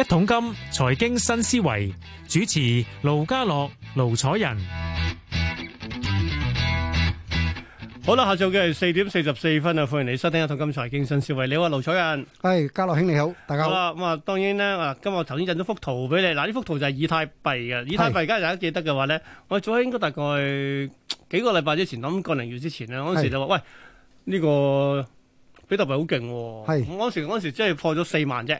一桶金財經新思維，主持盧家樂、盧楚仁，好啦，下晝嘅係四點四十四分啊！歡迎你收聽一桶金財經新思維。你好盧楚仁，係家樂兄你好，大家好。咁啊、嗯，當然咧，今日我頭先印咗幅圖俾你，嗱、啊，呢幅圖就係以太幣嘅。以太幣，而家大家記得嘅話咧，是我早喺應該大概幾個禮拜之前，諗個零月之前啦，嗰時就話，是喂，呢、這個比特幣好勁喎。係是，嗰是時嗰時真係破咗四萬啫。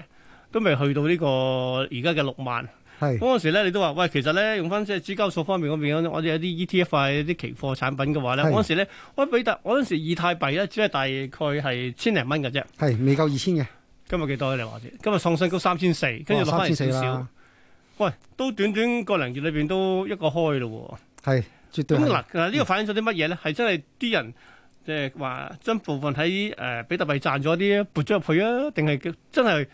都未去到呢個而家嘅六萬，嗰陣是時咧，你都話喂，其實咧用翻即係主交所方面嗰邊、啊是，我哋有啲 ETF 啊、有啲期貨產品嘅話咧，嗰陣時咧，喂比特，嗰陣時以太幣咧，只係大概係千零蚊嘅啫，係未夠二千嘅。今日幾多你話者？今日創新高三千四，跟住落翻少少。喂，都短短個零月裏邊都一個開咯，係絕對。咁嗱呢，嗱呢、嗯、個反映咗啲乜嘢咧？係真係啲人即係話將部分喺誒、呃、比特幣賺咗啲撥咗入去啊？定係真係？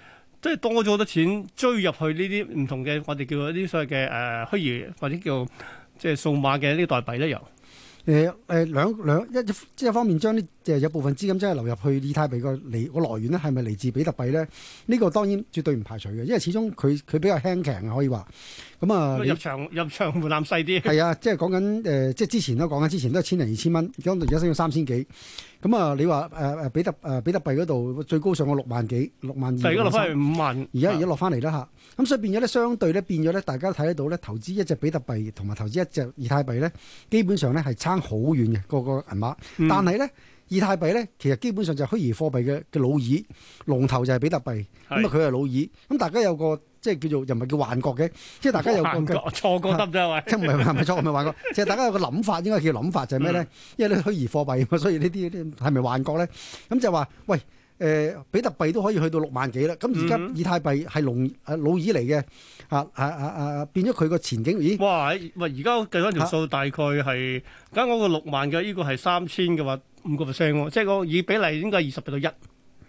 即係多咗好多錢追入去呢啲唔同嘅，我哋叫做一啲所謂嘅誒虛擬或者叫即係數碼嘅呢啲代幣咧，又。誒誒兩兩一即係一方面將啲誒有部分資金真係流入去以太幣個嚟個來源咧係咪嚟自比特幣咧？呢、這個當然絕對唔排除嘅，因為始終佢佢比較輕強嘅可以話。咁、嗯、啊，入場入場門檻細啲。係啊，即係講緊誒，即係之，之前都講緊，之前都係千零二千蚊，而家升到三千幾。咁、嗯、啊、嗯，你話誒誒比特誒、呃、比特幣嗰度最高上過六萬幾六萬二，而家落翻去五萬。而家而家落翻嚟啦吓，咁的、嗯、所以變咗咧，相對咧變咗咧，大家都睇得到咧，投資一隻比特幣同埋投資一隻以太幣咧，基本上咧係差。好遠嘅個個銀碼，但係咧，嗯、以太幣咧，其實基本上就虛擬貨幣嘅嘅老二，龍頭就係比特幣，咁啊佢係老二，咁大家有個即係叫做又唔係叫幻覺嘅，即係大家有個錯覺得唔得啊？喂，即係唔係幻覺錯，係幻覺，即係大家有個諗法，應該叫諗法就係咩咧？嗯、因為啲虛擬貨幣，所以是是呢啲係咪幻覺咧？咁就話喂。誒、呃，比特幣都可以去到六萬幾啦。咁而家以太幣係龍啊、嗯、老二嚟嘅，啊啊啊啊變咗佢個前景咦？哇！喂，而家計翻條數，大概係，而家嗰個六萬嘅，依個係三千嘅話，五個 percent 喎，即係個以比例應該係二十比到一。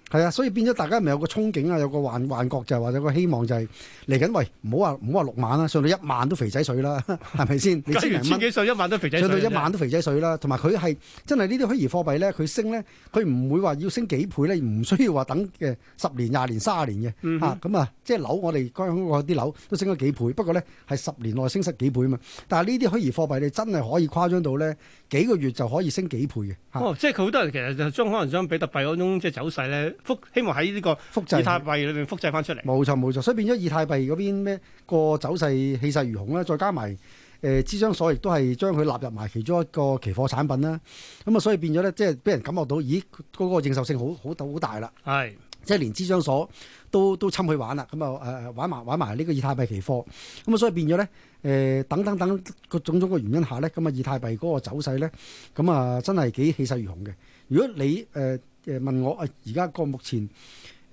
係啊，所以變咗大家咪有個憧憬啊，有個幻幻覺就係、是、或者個希望就係嚟緊。喂，唔好話唔好話六萬啦，上到一萬都肥仔水啦，係咪先？你千 幾上一萬都肥仔水，上到一萬都肥仔水啦，同埋佢係真係呢啲虛擬貨幣咧，佢升咧，佢唔會話要升幾倍咧，唔需要話等嘅十年、廿年、卅年嘅嚇。咁、嗯、哼啊，即係樓，我哋香港嗰啲樓都升咗幾倍，不過咧係十年內升十幾倍啊嘛。但係呢啲虛擬貨幣你真係可以誇張到咧。幾個月就可以升幾倍嘅，哦，即係佢好多人其實就將可能將比特幣嗰種即係走勢咧，復希望喺呢個複製以太幣裏邊複製翻出嚟。冇錯冇錯，所以變咗以太幣嗰邊咩個走勢氣勢如虹啦，再加埋誒芝商所亦都係將佢納入埋其中一個期貨產品啦。咁啊，所以變咗咧，即係俾人感覺到，咦，嗰個認受性好好好大啦。係。即係連芝商所都都侵去，嗯、玩啦，咁啊誒玩埋玩埋呢個以太幣期貨，咁，嗯、啊所以變咗咧誒等等等各種種嘅原因下咧，咁啊以太幣嗰個走勢咧，咁啊真係幾氣勢如虹嘅。如果你誒誒，呃、問我啊，而家個目前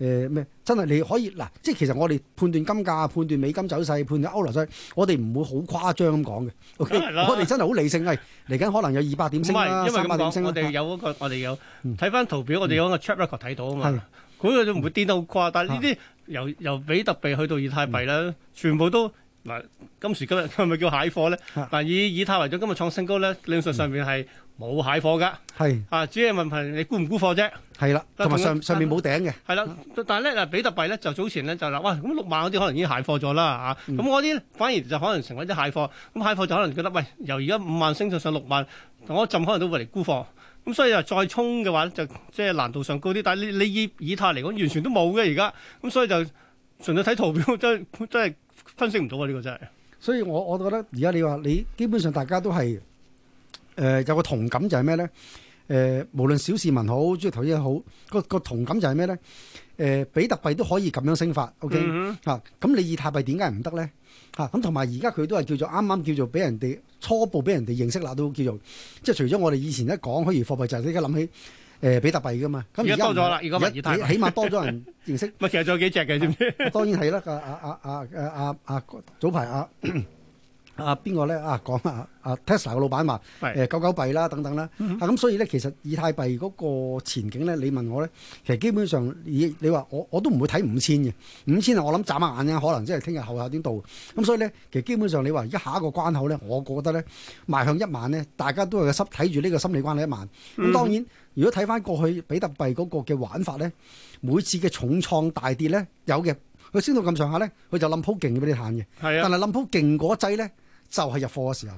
誒咩，呃、真係你可以嗱，呃，即係其實我哋判斷金價、判斷美金走勢、判斷歐羅，我哋唔會好誇張咁講嘅。OK? 我哋真係好理性嘅。嚟、哎、緊可能有二百點升啦，二百點升。是點升我哋有嗰個，我哋有睇翻圖表，我哋嗰個 chart record 睇到啊嘛。嗰都唔會跌得好誇，但係呢啲由、啊、由比特幣去到以太幣啦，嗯、全部都嗱，今時今日係咪叫蟹貨咧？嗱、啊，以以太為咗今日創新高咧，理論上上面係冇蟹貨㗎。係、嗯、啊，主要問題你沽唔沽貨啫？係啦、啊，同埋上上面冇頂嘅。係啦、啊啊，但係咧比特幣咧就早前咧就話，哇咁六萬嗰啲可能已經蟹貨咗啦嚇，咁嗰啲反而就可能成為一啲蟹貨。咁蟹貨就可能覺得，喂、呃呃呃，由而家五萬升到上六萬，我一浸可能都嚟沽貨。咁所以話再衝嘅話咧，就即係難度上高啲。但係你你以以太嚟講，完全都冇嘅而家。咁所以就純粹睇圖表，真真係分析唔到啊！呢個真係。所以我我覺得而家你話你基本上大家都係誒、呃、有個同感就係咩咧？誒、呃，無論小市民好，中意投資好，個個同感就係咩咧？誒、呃，比特幣都可以咁樣升法，OK 嚇、嗯哼。咁你以太幣點解唔得咧？嚇，咁同埋而家佢都係叫做啱啱叫做俾人哋初步俾人哋認識啦，都叫做即係除咗我哋以前一講虛擬貨幣，就係你而家諗起誒比特幣噶嘛。咁而家多咗啦，而家起碼多咗人認識。咪其實仲有幾隻嘅，知當然係啦，阿阿阿阿阿阿早排阿。啊 啊邊個咧啊講啊啊 Tesla 個老闆話，誒狗狗幣啦等等啦，啊咁所以咧，其實以太幣嗰個前景咧，你問我咧，其實基本上以你話我我都唔會睇五千嘅，五千我諗眨下眼啫，可能即係聽日後下點到。咁所以咧，其實基本上你話而家下一個關口咧，我覺得咧邁向一萬咧，大家都係心睇住呢個心理關口一萬。咁當然，如果睇翻過去比特幣嗰個嘅玩法咧，每次嘅重創大跌咧有嘅，佢升到咁上下咧，佢就冧 po 勁俾你彈嘅。係啊，但係冧 po 勁嗰劑咧。就係入貨嘅時候，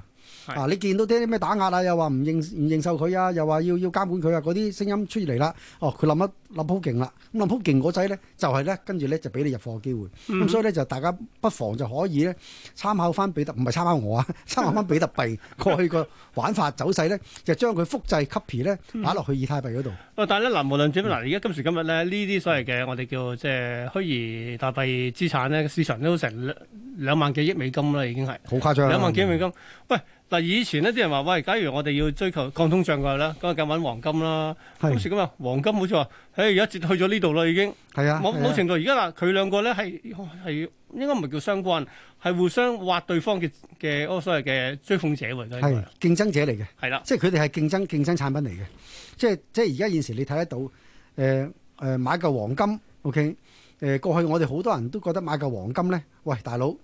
的啊！你見到啲咩打壓啊？又話唔認唔認受佢啊？又話要要監管佢啊？嗰啲聲音出嚟啦，哦、啊！佢諗一。林普勁啦，咁林普勁嗰仔咧就係咧，跟住咧就俾你入貨嘅機會，咁、嗯、所以咧就大家不妨就可以咧參考翻比特，唔係參考我啊，參考翻比特幣過去個玩法走勢咧，嗯、就將佢複製 copy 咧打落去以太幣嗰度。哦、嗯，但係咧嗱，無論點嗱，而家今時今日咧呢啲所謂嘅，我哋叫即係虛擬大幣資產咧，市場都成兩萬幾億美金啦，已經係好誇張啦，兩萬幾億美金，喂、嗯。嗱，以前咧，啲人話，喂，假如我哋要追求抗通脹嘅啦，咧，咁啊，梗揾黃金啦。當時咁啊，黃金冇錯，誒、哎，而家跌去咗呢度啦，已經。係啊的。冇冇程度，而家嗱，佢兩個咧係係應該唔係叫相關，係互相挖對方嘅嘅所謂嘅追風者嚟嘅。係競爭者嚟嘅。係啦的。即係佢哋係競爭競爭產品嚟嘅。即係即係而家現時你睇得到，誒、呃、誒、呃、買嚿黃金，OK，誒、呃、過去我哋好多人都覺得買嚿黃金咧，喂，大佬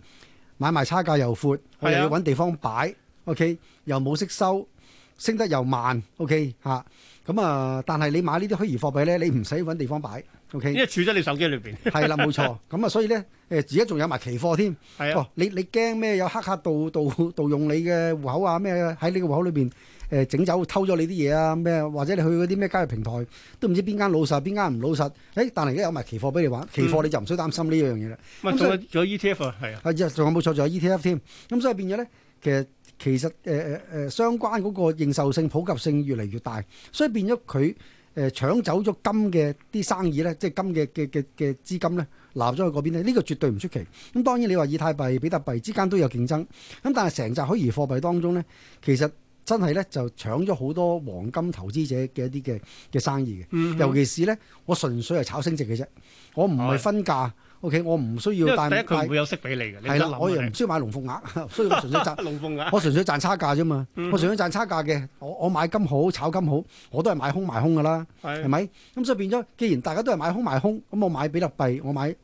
買賣差價又闊，我又要揾地方擺。O K，又冇息收，升得又慢。O K 吓，咁啊，但係你買呢啲虛擬貨幣咧，你唔使揾地方擺。O K，因為儲喺你手機裏邊。係啦，冇錯。咁啊，所以咧，誒，而家仲有埋期貨添。係啊。你你驚咩？有黑客盜盜盜用你嘅戶口啊？咩喺你嘅戶口裏邊誒整走偷咗你啲嘢啊？咩？或者你去嗰啲咩交易平台都唔知邊間老實邊間唔老實。誒，但係而家有埋期貨俾你玩，期貨你就唔使擔心呢樣嘢啦。咁啊，仲有仲有 E T F 啊，係啊。係啊，仲有冇錯？仲有 E T F 添。咁所以變咗咧，其實。其實誒誒誒相關嗰個認受性普及性越嚟越大，所以變咗佢誒搶走咗金嘅啲生意咧，即係金嘅嘅嘅嘅資金咧，攬咗去嗰邊咧，呢、呢個絕對唔出奇。咁當然你話以太幣、比特幣之間都有競爭，咁但係成扎虛擬貨幣當中呢，其實真係呢，就搶咗好多黃金投資者嘅一啲嘅嘅生意嘅，嗯、哼尤其是呢，我純粹係炒升值嘅啫，我唔係分價。嗯 O.K. 我唔需要帶，佢唔會有息俾你嘅。係啦了，一我又唔需要買龍鳳鈪， 所以我純粹賺 龍鳳鈪，額。我純粹賺差價啫嘛，嗯、我純粹賺差價嘅。我我買金好，炒金好，我都係買空賣空嘅啦。係的，係咪？咁所以變咗，既然大家都係買空賣空，咁我買比特幣，我買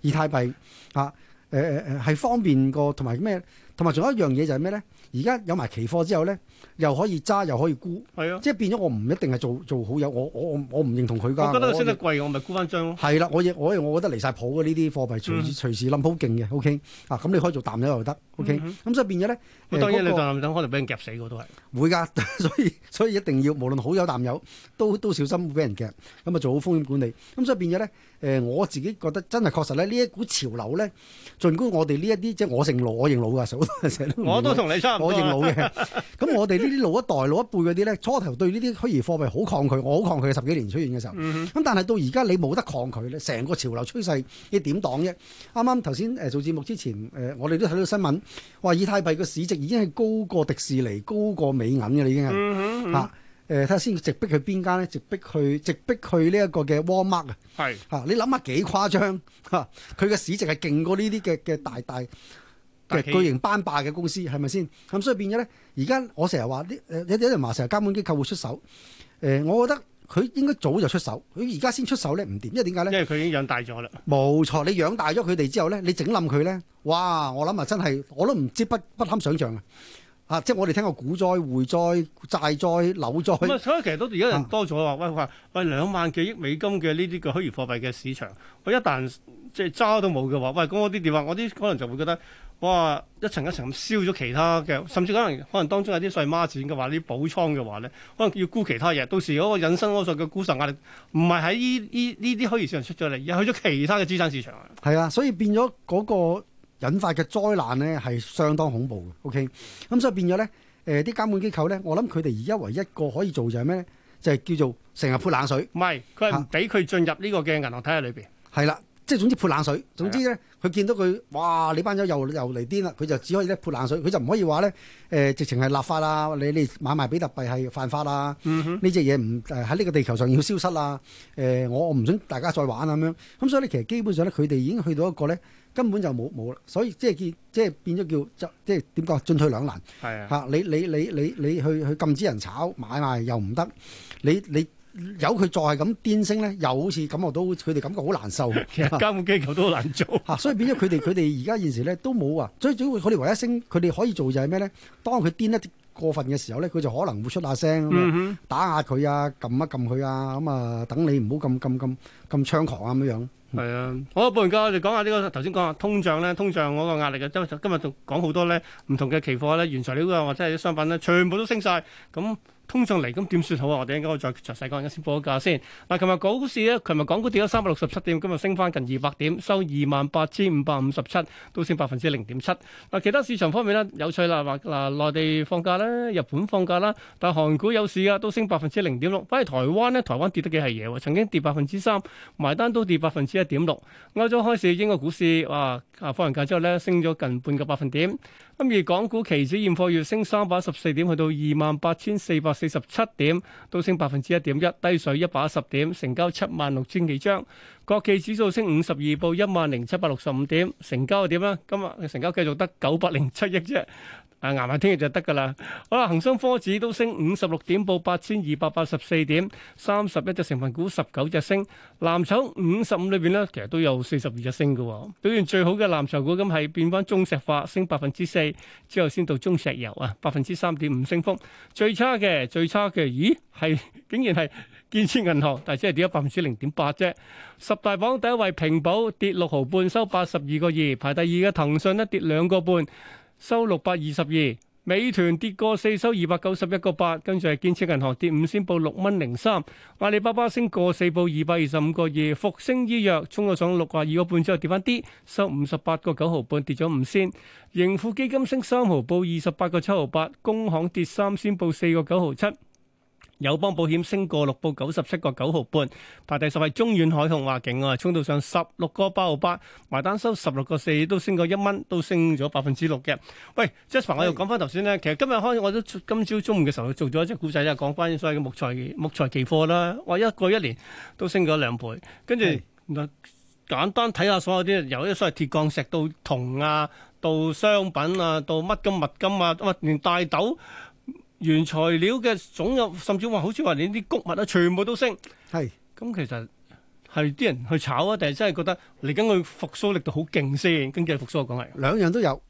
以太幣嚇，誒誒誒，係、呃、方便過同埋咩？同埋仲有一樣嘢就係咩咧？而家有埋期貨之後咧，又可以揸又可以沽，係啊，即係變咗我唔一定係做做好友，我我我唔認同佢㗎。我覺得升得貴，我咪沽翻張咯。係啦，我我我覺得離晒譜嘅呢啲貨幣隨，隨隨時冧好勁嘅，OK 啊，咁你可以做淡友又得，OK，咁所以、嗯哼嗯、變咗咧。當然、欸、你做淡友可能俾人夾死嘅都係會㗎，所以所以，所以一定要無論好友淡友都都小心會俾人夾，咁啊做好風險管理。咁、嗯嗯、所以變咗咧，誒、嗯嗯嗯嗯嗯嗯嗯嗯、我自己覺得真係、嗯、確實咧呢一股潮流咧，儘管我哋呢一啲即係我姓盧我認老㗎，我 都同你差唔多，我認老嘅。咁 我哋呢啲老一代、老一輩嗰啲咧，初頭對呢啲虛擬貨幣好抗拒，我好抗拒十幾年出現嘅時候。咁但係到而家你冇得抗拒咧，成個潮流趨勢，你點擋啫？啱啱頭先誒做節目之前，誒我哋都睇到新聞，話以太幣嘅市值已經係高過迪士尼、高過美銀嘅啦，已經係嚇。誒睇下先，直逼去邊間咧？直逼去，直逼去呢一個嘅 Walmart 啊！係嚇，你諗下幾誇張嚇？佢、啊、嘅市值係勁過呢啲嘅嘅大大。巨型班霸嘅公司係咪先咁？所以變咗咧，而家我成日話啲誒一人話成日監管機構會出手誒、呃，我覺得佢應該早就出手。佢而家先出手咧唔掂，因為點解咧？因為佢已經養大咗啦。冇錯，你養大咗佢哋之後咧，你整冧佢咧，哇！我諗啊，真係我都唔知不不堪想象啊！嚇，即係我哋聽過股災、匯災、債災、樓災。所以、嗯、其實都而家人多咗話喂，話喂、啊、兩萬幾億美金嘅呢啲嘅虛擬貨幣嘅市場，佢一旦即係渣都冇嘅話，喂，咁我啲點啊？我啲可能就會覺得。哇！一層一層咁燒咗其他嘅，甚至可能可能當中有啲細孖展嘅話，啲補倉嘅話咧，可能要沽其他嘢。到時嗰個引申嗰個嘅估值壓力，唔係喺呢呢呢啲虛擬市場出咗嚟，而係去咗其他嘅資產市場啊！係啊，所以變咗嗰個引發嘅災難咧，係相當恐怖嘅。OK，咁所以變咗咧，誒、呃、啲監管機構咧，我諗佢哋而家唯一一個可以做就係咩咧？就係、是、叫做成日潑冷水，唔係佢係唔俾佢進入呢個嘅銀行體系裏邊。係、啊、啦。即係總之潑冷水，總之咧，佢喂見到佢，哇！你班友又又嚟癲啦，佢就只可以咧潑冷水，佢就唔可以話咧，誒，直情係立法啊！你你買賣比特幣係犯法啊？呢隻嘢唔誒喺呢個地球上要消失啊！誒、呃，我唔想大家再玩咁樣。咁所以咧，其實基本上咧，佢哋已經去到一個咧，根本就冇冇啦，所以即係見即係變咗叫即係點講進退兩難。係啊，嚇、啊、你你你你你去去禁止人炒買賣又唔得，你你。你你有佢再係咁癲升咧，又好似感覺到佢哋感覺好難受，其實監管機構都好難做嚇，所以變咗佢哋佢哋而家現時咧都冇啊，所以主要佢哋唯一升，佢哋可以做就係咩咧？當佢癲一啲過分嘅時候咧，佢就可能會出下聲，打壓佢啊，撳一撳佢啊，咁啊等你唔好咁咁咁咁猖狂啊咁樣。係啊，好，半個鐘我哋講下呢個頭先講下通脹咧，通脹嗰個壓力啊，即係今日就講好多咧，唔同嘅期貨咧，原材料啊或者係啲商品咧，全部都升曬咁。通脹嚟咁點算好啊？我哋應該再詳細講，一陣先報咗價先。嗱、啊，琴日股市咧，琴日港股跌咗三百六十七點，今日升翻近二百點，收二萬八千五百五十七，都升百分之零點七。嗱、啊，其他市場方面咧，有趣啦，嗱、啊，內、啊啊、地放假啦，日本放假啦，但係韓股有市啊，都升百分之零點六。反而台灣咧，台灣跌得幾係嘢喎？曾經跌百分之三，埋單都跌百分之一點六。歐洲開始英國股市哇、啊、放完假之後咧，升咗近半個百分點。咁而港股期指現貨月升三百十四點，去到二萬八千四百。四十七點，都升百分之一點一，低水一百一十點，成交七萬六千幾張。國企指數升五十二，報一萬零七百六十五點，成交點呢，今日成交繼續得九百零七億啫。啊，啱啱聽日就得噶啦。好啦，恒生科指都升五十六點，報八千二百八十四點，三十一隻成分股，十九隻升。藍籌五十五裏邊呢，其實都有四十二隻升嘅。表現最好嘅藍籌股咁係變翻中石化升百分之四，之後先到中石油啊，百分之三點五升幅。最差嘅，最差嘅，咦，係竟然係建設銀行，但係只係跌咗百分之零點八啫。十大榜第一位平保跌六毫半，收八十二個二。排第二嘅騰訊咧跌兩個半。收六百二十二，美團跌個四，收二百九十一個八，跟住係建設銀行跌五仙報六蚊零三，阿里巴巴升個四報二百二十五個二，復星醫藥衝咗上六啊二個半之後跌翻啲，收 95, 五十八個九毫半，跌咗五仙，盈富基金升三毫報二十八個七毫八，工行跌三仙報四個九毫七。友邦保險升過六報九十七個九毫半，排第十位，中遠海控話勁啊，衝到上十六個八毫八，埋單收十六個四，都升過一蚊，都升咗百分之六嘅。喂，Jasper，我又講翻頭先咧，其實今日開始我都今朝中午嘅時候做咗一隻故仔咧，講翻所謂嘅木材木材期貨啦。哇，一個一年都升咗兩倍，跟住簡單睇下所有啲，由啲所謂鐵礦石到銅啊，到商品啊，到乜金物金啊，哇，連大豆。原材料嘅總有甚至話，好似話連啲穀物啊，全部都升。係咁是，其實係啲人去炒啊，定係真係覺得嚟緊佢復甦力度好勁先？經濟復甦講嚟，兩樣都有。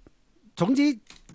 總之。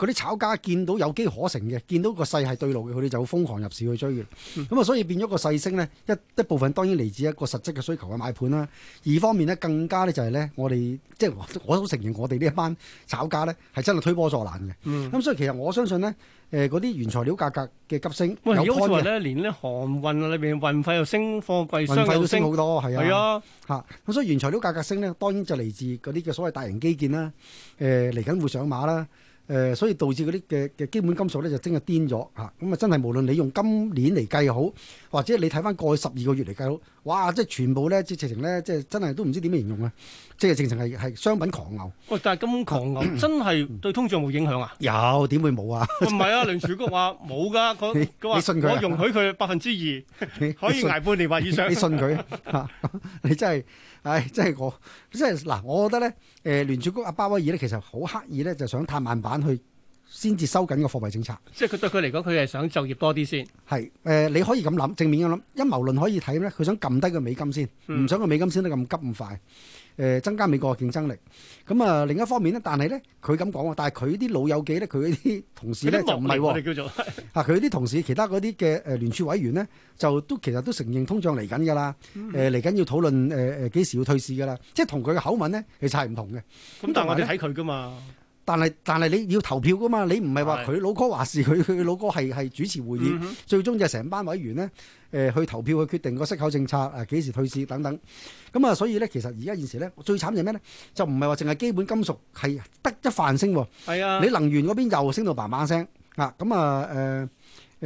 嗰啲炒家見到有機可乘嘅，見到個勢係對路嘅，佢哋就瘋狂入市去追嘅。咁啊、嗯，所以變咗個勢升咧，一一部分當然嚟自一個實質嘅需求嘅買盤啦。二方面咧，更加咧就係咧、就是，我哋即係我都承認，我哋呢一班炒家咧係真係推波助瀾嘅。咁、嗯、所以其實我相信咧，誒嗰啲原材料價格嘅急升有，有看似話咧，連咧航運裏邊運費又升，貨櫃運費又升好多，係啊，嚇咁、啊、所以原材料價格升咧，當然就嚟自嗰啲嘅所謂大型基建啦，誒嚟緊會上馬啦。誒，所以導致嗰啲嘅嘅基本金屬咧就真係癲咗嚇，咁啊真係無論你用今年嚟計好，或者你睇翻過去十二個月嚟計好，哇！即係全部咧，即係直情咧，即係真係都唔知點形容啊！即係直情係係商品狂牛。喂，但係咁狂牛真係對通脹冇影響啊？有點會冇啊？唔係啊，聯儲局話冇㗎，佢佢話你信佢？我容許佢百分之二，可以挨半年或以上。你信佢？你真係，唉，真係我真係嗱，我覺得咧，誒聯儲局阿鮑威爾咧，其實好刻意咧就想探慢板。去先至收緊個貨幣政策，即係佢對佢嚟講，佢係想就業多啲先。係誒、呃，你可以咁諗，正面咁諗，陰謀論可以睇咧，佢想撳低個美金先，唔、嗯、想個美金升得咁急咁快。誒、呃，增加美國嘅競爭力。咁啊、呃，另一方面咧，但係咧，佢咁講啊，但係佢啲老友記咧，佢啲同事咧就唔係，我叫做吓，佢啲同事，其他嗰啲嘅誒聯儲委員咧，就都其實都承認通脹嚟緊噶啦，誒嚟緊要討論誒誒幾時要退市噶啦，即係同佢嘅口吻咧，其實係唔同嘅。咁但係我哋睇佢噶嘛。但係但係你要投票噶嘛？你唔係話佢老哥話事，佢佢老哥係係主持會議，嗯、哼最終就成班委員咧，誒、呃、去投票去決定個息口政策啊，幾、呃、時退市等等。咁、嗯、啊，所以咧，其實而家現時咧，最慘就係咩咧？就唔係話淨係基本金屬係得一泛升，係啊！你能源嗰邊又升到嘭嘭聲啊！咁、呃、啊，誒、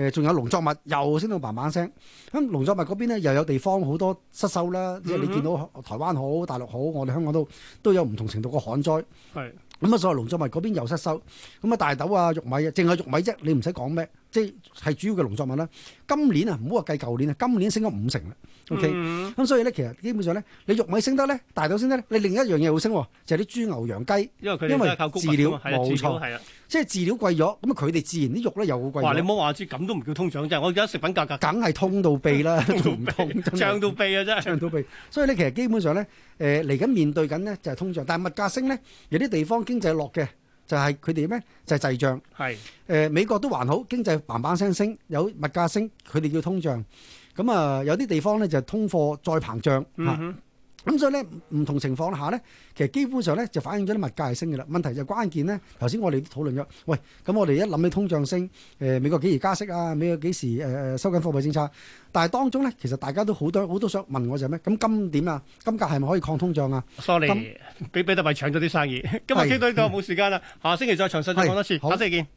呃、誒，仲有農作物又升到嘭嘭聲。咁、嗯、農作物嗰邊咧，又有地方好多失收啦，即係、嗯、哼你見到台灣好，大陸好，我哋香港都都有唔同程度個旱災。係。咁啊，所有農作物嗰邊又失收，咁啊，大豆啊、玉米啊，淨係玉米啫，你唔使講咩，即係主要嘅農作物啦。今年啊，唔好話計舊年啊，今年升咗五成啦。OK，咁所以咧，其實基本上咧，你玉米升得咧，大豆升得咧，你另一樣嘢會升，就係啲豬、牛、羊、雞，因為佢哋因為靠飼料冇錯。即係飼料貴咗，咁佢哋自然啲肉咧又好貴。哇！你唔好話住咁都唔叫通脹，真係我而家食品價格梗係通到痹啦，仲唔 通？漲到痹啊，真係到痹！ 所以咧，其實基本上咧，誒嚟緊面對緊咧就係通脹，但係物價升咧，有啲地方經濟落嘅就係佢哋咩？就係滯脹。係誒是、呃，美國都還好，經濟砰砰聲升，有物價升，佢哋叫通脹。咁啊，有啲地方咧就通貨再膨脹。嗯哼。咁所以咧，唔同情況下咧，其實基本上咧就反映咗啲物價係升嘅啦。問題就關鍵咧，頭先我哋都討論咗。喂，咁我哋一諗起通脹升，誒美國幾時加息啊？美國幾時誒收緊貨幣政策？但係當中咧，其實大家都好多好多想問我就係咩？咁金點啊？金價係咪可以抗通脹啊？sorry，俾俾比特幣搶咗啲生意。今日傾到呢個冇時間啦，下星期再詳細再講多次。下星期見。